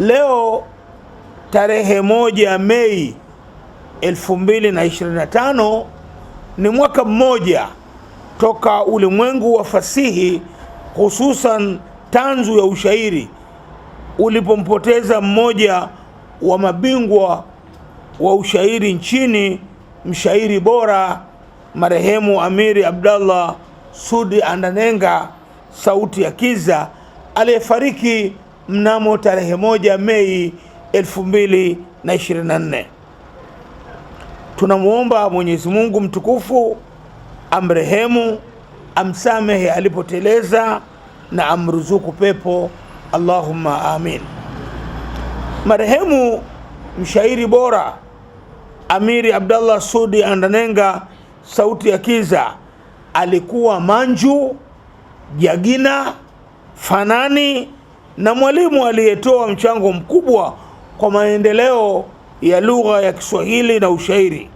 Leo tarehe moja Mei 2025 ni mwaka mmoja toka ulimwengu wa fasihi hususan tanzu ya ushairi ulipompoteza mmoja wa mabingwa wa ushairi nchini, mshairi bora marehemu Amiri Abdallah Sudi Andanenga, sauti ya Kiza, aliyefariki mnamo tarehe moja Mei 2024. Tunamwomba Mwenyezi Mungu mtukufu amrehemu, amsamehe alipoteleza na amruzuku pepo, Allahumma amin. Marehemu mshairi bora Amiri Abdallah Sudi Andanenga, sauti ya Kiza, alikuwa manju, jagina, fanani na mwalimu aliyetoa mchango mkubwa kwa maendeleo ya lugha ya Kiswahili na ushairi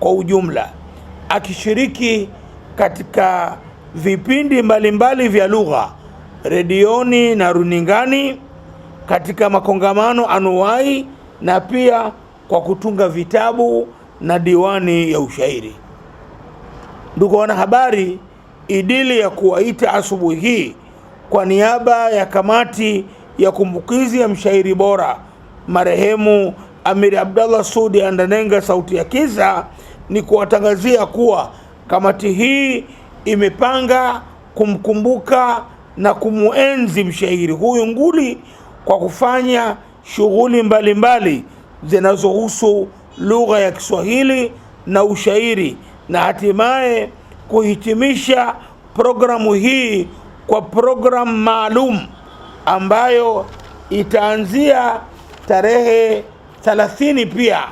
kwa ujumla, akishiriki katika vipindi mbalimbali vya lugha redioni na runingani, katika makongamano anuwai na pia kwa kutunga vitabu na diwani ya ushairi. Ndugu wanahabari, idili ya kuwaita asubuhi hii kwa niaba ya kamati ya kumbukizi ya mshairi bora marehemu Amiri Abdallah Sudi Andanenga Sauti ya kiza ni kuwatangazia kuwa kamati hii imepanga kumkumbuka na kumwenzi mshairi huyu nguli kwa kufanya shughuli mbalimbali zinazohusu lugha ya Kiswahili na ushairi na hatimaye kuhitimisha programu hii kwa programu maalum ambayo itaanzia tarehe 30 pia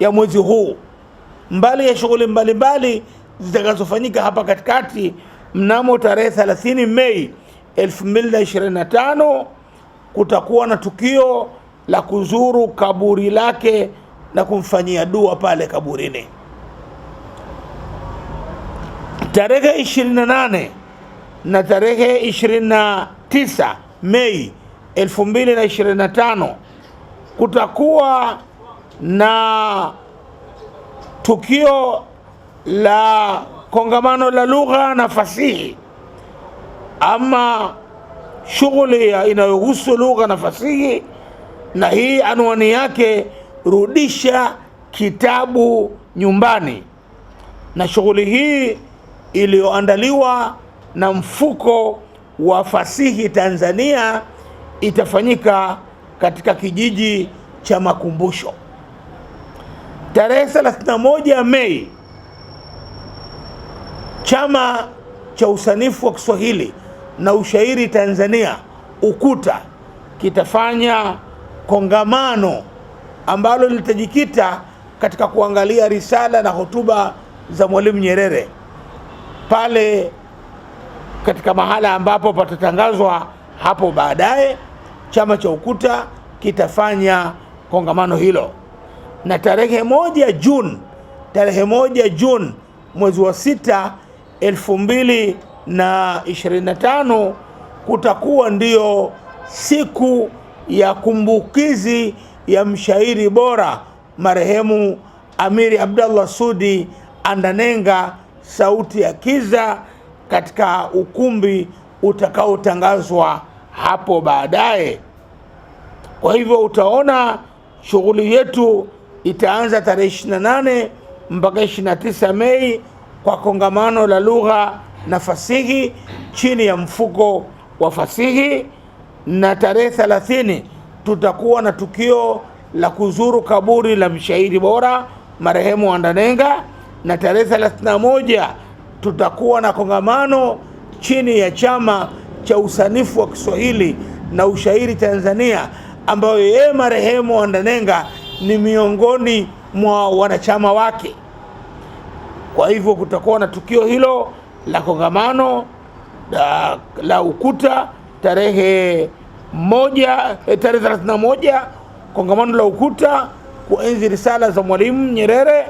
ya mwezi huu, mbali ya shughuli mbalimbali zitakazofanyika hapa katikati mnamo tarehe 30 Mei 2025 kutakuwa na tukio la kuzuru kaburi lake na kumfanyia dua pale kaburini. Tarehe 28 na tarehe 29 Mei 2025 kutakuwa na tukio la kongamano la lugha na fasihi, ama shughuli inayohusu lugha na fasihi, na hii anwani yake rudisha kitabu nyumbani, na shughuli hii iliyoandaliwa na mfuko wa fasihi Tanzania itafanyika katika kijiji cha Makumbusho tarehe 31 Mei. Chama cha usanifu wa Kiswahili na ushairi Tanzania Ukuta kitafanya kongamano ambalo litajikita katika kuangalia risala na hotuba za Mwalimu Nyerere pale katika mahala ambapo patatangazwa hapo baadaye, chama cha UKUTA kitafanya kongamano hilo, na tarehe moja Juni, tarehe moja Juni mwezi wa sita elfu mbili na ishirini na tano kutakuwa ndiyo siku ya kumbukizi ya mshairi bora marehemu Amiri Abdallah Sudi Andanenga, sauti ya Kiza katika ukumbi utakaotangazwa hapo baadaye. Kwa hivyo utaona shughuli yetu itaanza tarehe 28 mpaka 29 Mei kwa kongamano la lugha na fasihi chini ya mfuko wa fasihi, na tarehe 30 tutakuwa na tukio la kuzuru kaburi la mshairi bora marehemu Andanenga, na tarehe 31 tutakuwa na kongamano chini ya Chama cha Usanifu wa Kiswahili na Ushairi Tanzania, ambayo yeye marehemu andanenga ni miongoni mwa wanachama wake. Kwa hivyo kutakuwa na tukio hilo la kongamano la, la Ukuta tarehe moja, eh, tarehe 31 kongamano la Ukuta kuenzi risala za Mwalimu Nyerere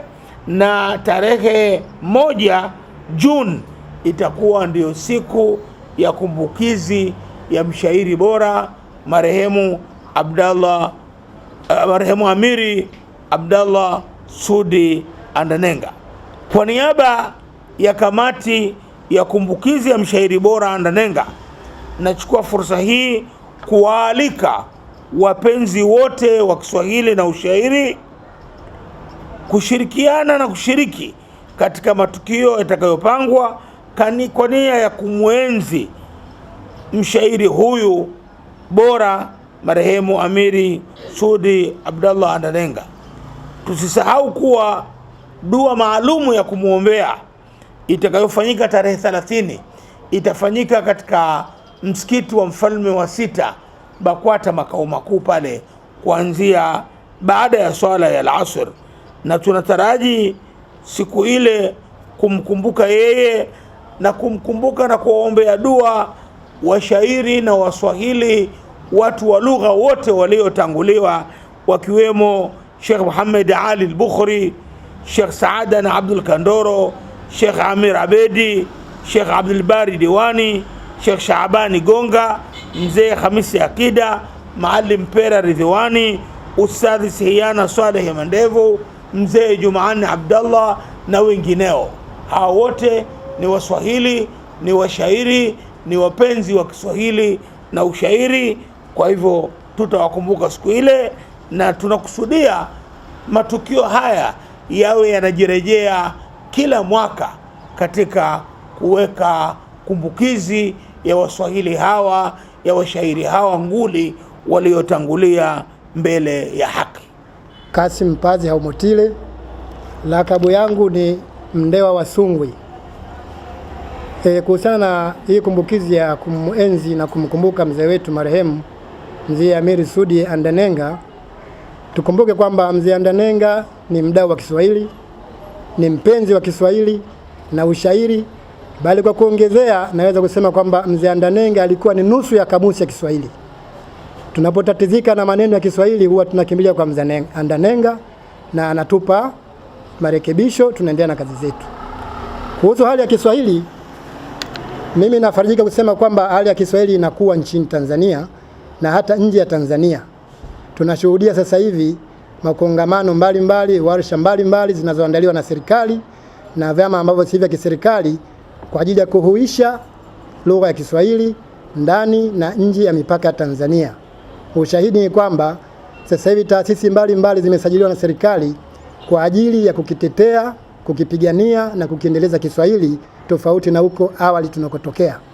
na tarehe moja Juni itakuwa ndiyo siku ya kumbukizi ya mshairi bora marehemu Abdallah, uh, marehemu Amiri Abdallah Sudi Andanenga. Kwa niaba ya kamati ya kumbukizi ya mshairi bora Andanenga, nachukua fursa hii kuwaalika wapenzi wote wa Kiswahili na ushairi kushirikiana na kushiriki katika matukio yatakayopangwa kwa nia ya kumwenzi mshairi huyu bora marehemu Amiri Sudi Abdallah Andalenga. Tusisahau kuwa dua maalumu ya kumwombea itakayofanyika tarehe 30 itafanyika katika msikiti wa mfalme wa sita Bakwata makao makuu pale kuanzia baada ya swala ya alasr, na tunataraji siku ile kumkumbuka yeye na kumkumbuka na kuwaombea dua washairi na waswahili watu wa lugha wote waliotanguliwa wakiwemo Sheikh Muhammad Ali al-Bukhari, Sheikh Saada na Abdul Kandoro, Sheikh Amir Abedi, Sheikh Abdul Bari Diwani, Sheikh Shaabani Gonga, Mzee Hamisi Akida, Maalim Pera Ridhiwani, Ustadhi Sihiana Swaleh Mandevu mzee Jumanne Abdallah na wengineo. Hao wote ni Waswahili, ni washairi, ni wapenzi wa Kiswahili na ushairi. Kwa hivyo tutawakumbuka siku ile, na tunakusudia matukio haya yawe yanajirejea kila mwaka katika kuweka kumbukizi ya Waswahili hawa, ya washairi hawa nguli waliotangulia mbele ya haki. Kasim Pazi Haumotile, lakabu yangu ni Mndewa wa Sungwi. E, kuhusiana na hii kumbukizi ya kumenzi na kumkumbuka mzee wetu marehemu mzee Amiri Sudi Andanenga, tukumbuke kwamba mzee Andanenga ni mdau wa Kiswahili, ni mpenzi wa Kiswahili na ushairi, bali kwa kuongezea naweza kusema kwamba mzee Andanenga alikuwa ni nusu ya kamusi ya Kiswahili. Tunapotatizika na maneno ya Kiswahili huwa tunakimbilia kwa Mzandanenga na anatupa marekebisho, tunaendelea na kazi zetu. Kuhusu hali ya Kiswahili, mimi nafarijika kusema kwamba hali ya Kiswahili inakuwa nchini Tanzania na hata nje ya Tanzania. Tunashuhudia sasa hivi makongamano mbalimbali, warsha mbalimbali zinazoandaliwa na serikali na vyama ambavyo si vya kiserikali kwa ajili ya kuhuisha lugha ya Kiswahili ndani na nje ya mipaka ya Tanzania. Ushahidi ni kwamba sasa hivi taasisi mbalimbali zimesajiliwa na serikali kwa ajili ya kukitetea, kukipigania na kukiendeleza Kiswahili tofauti na huko awali tunakotokea.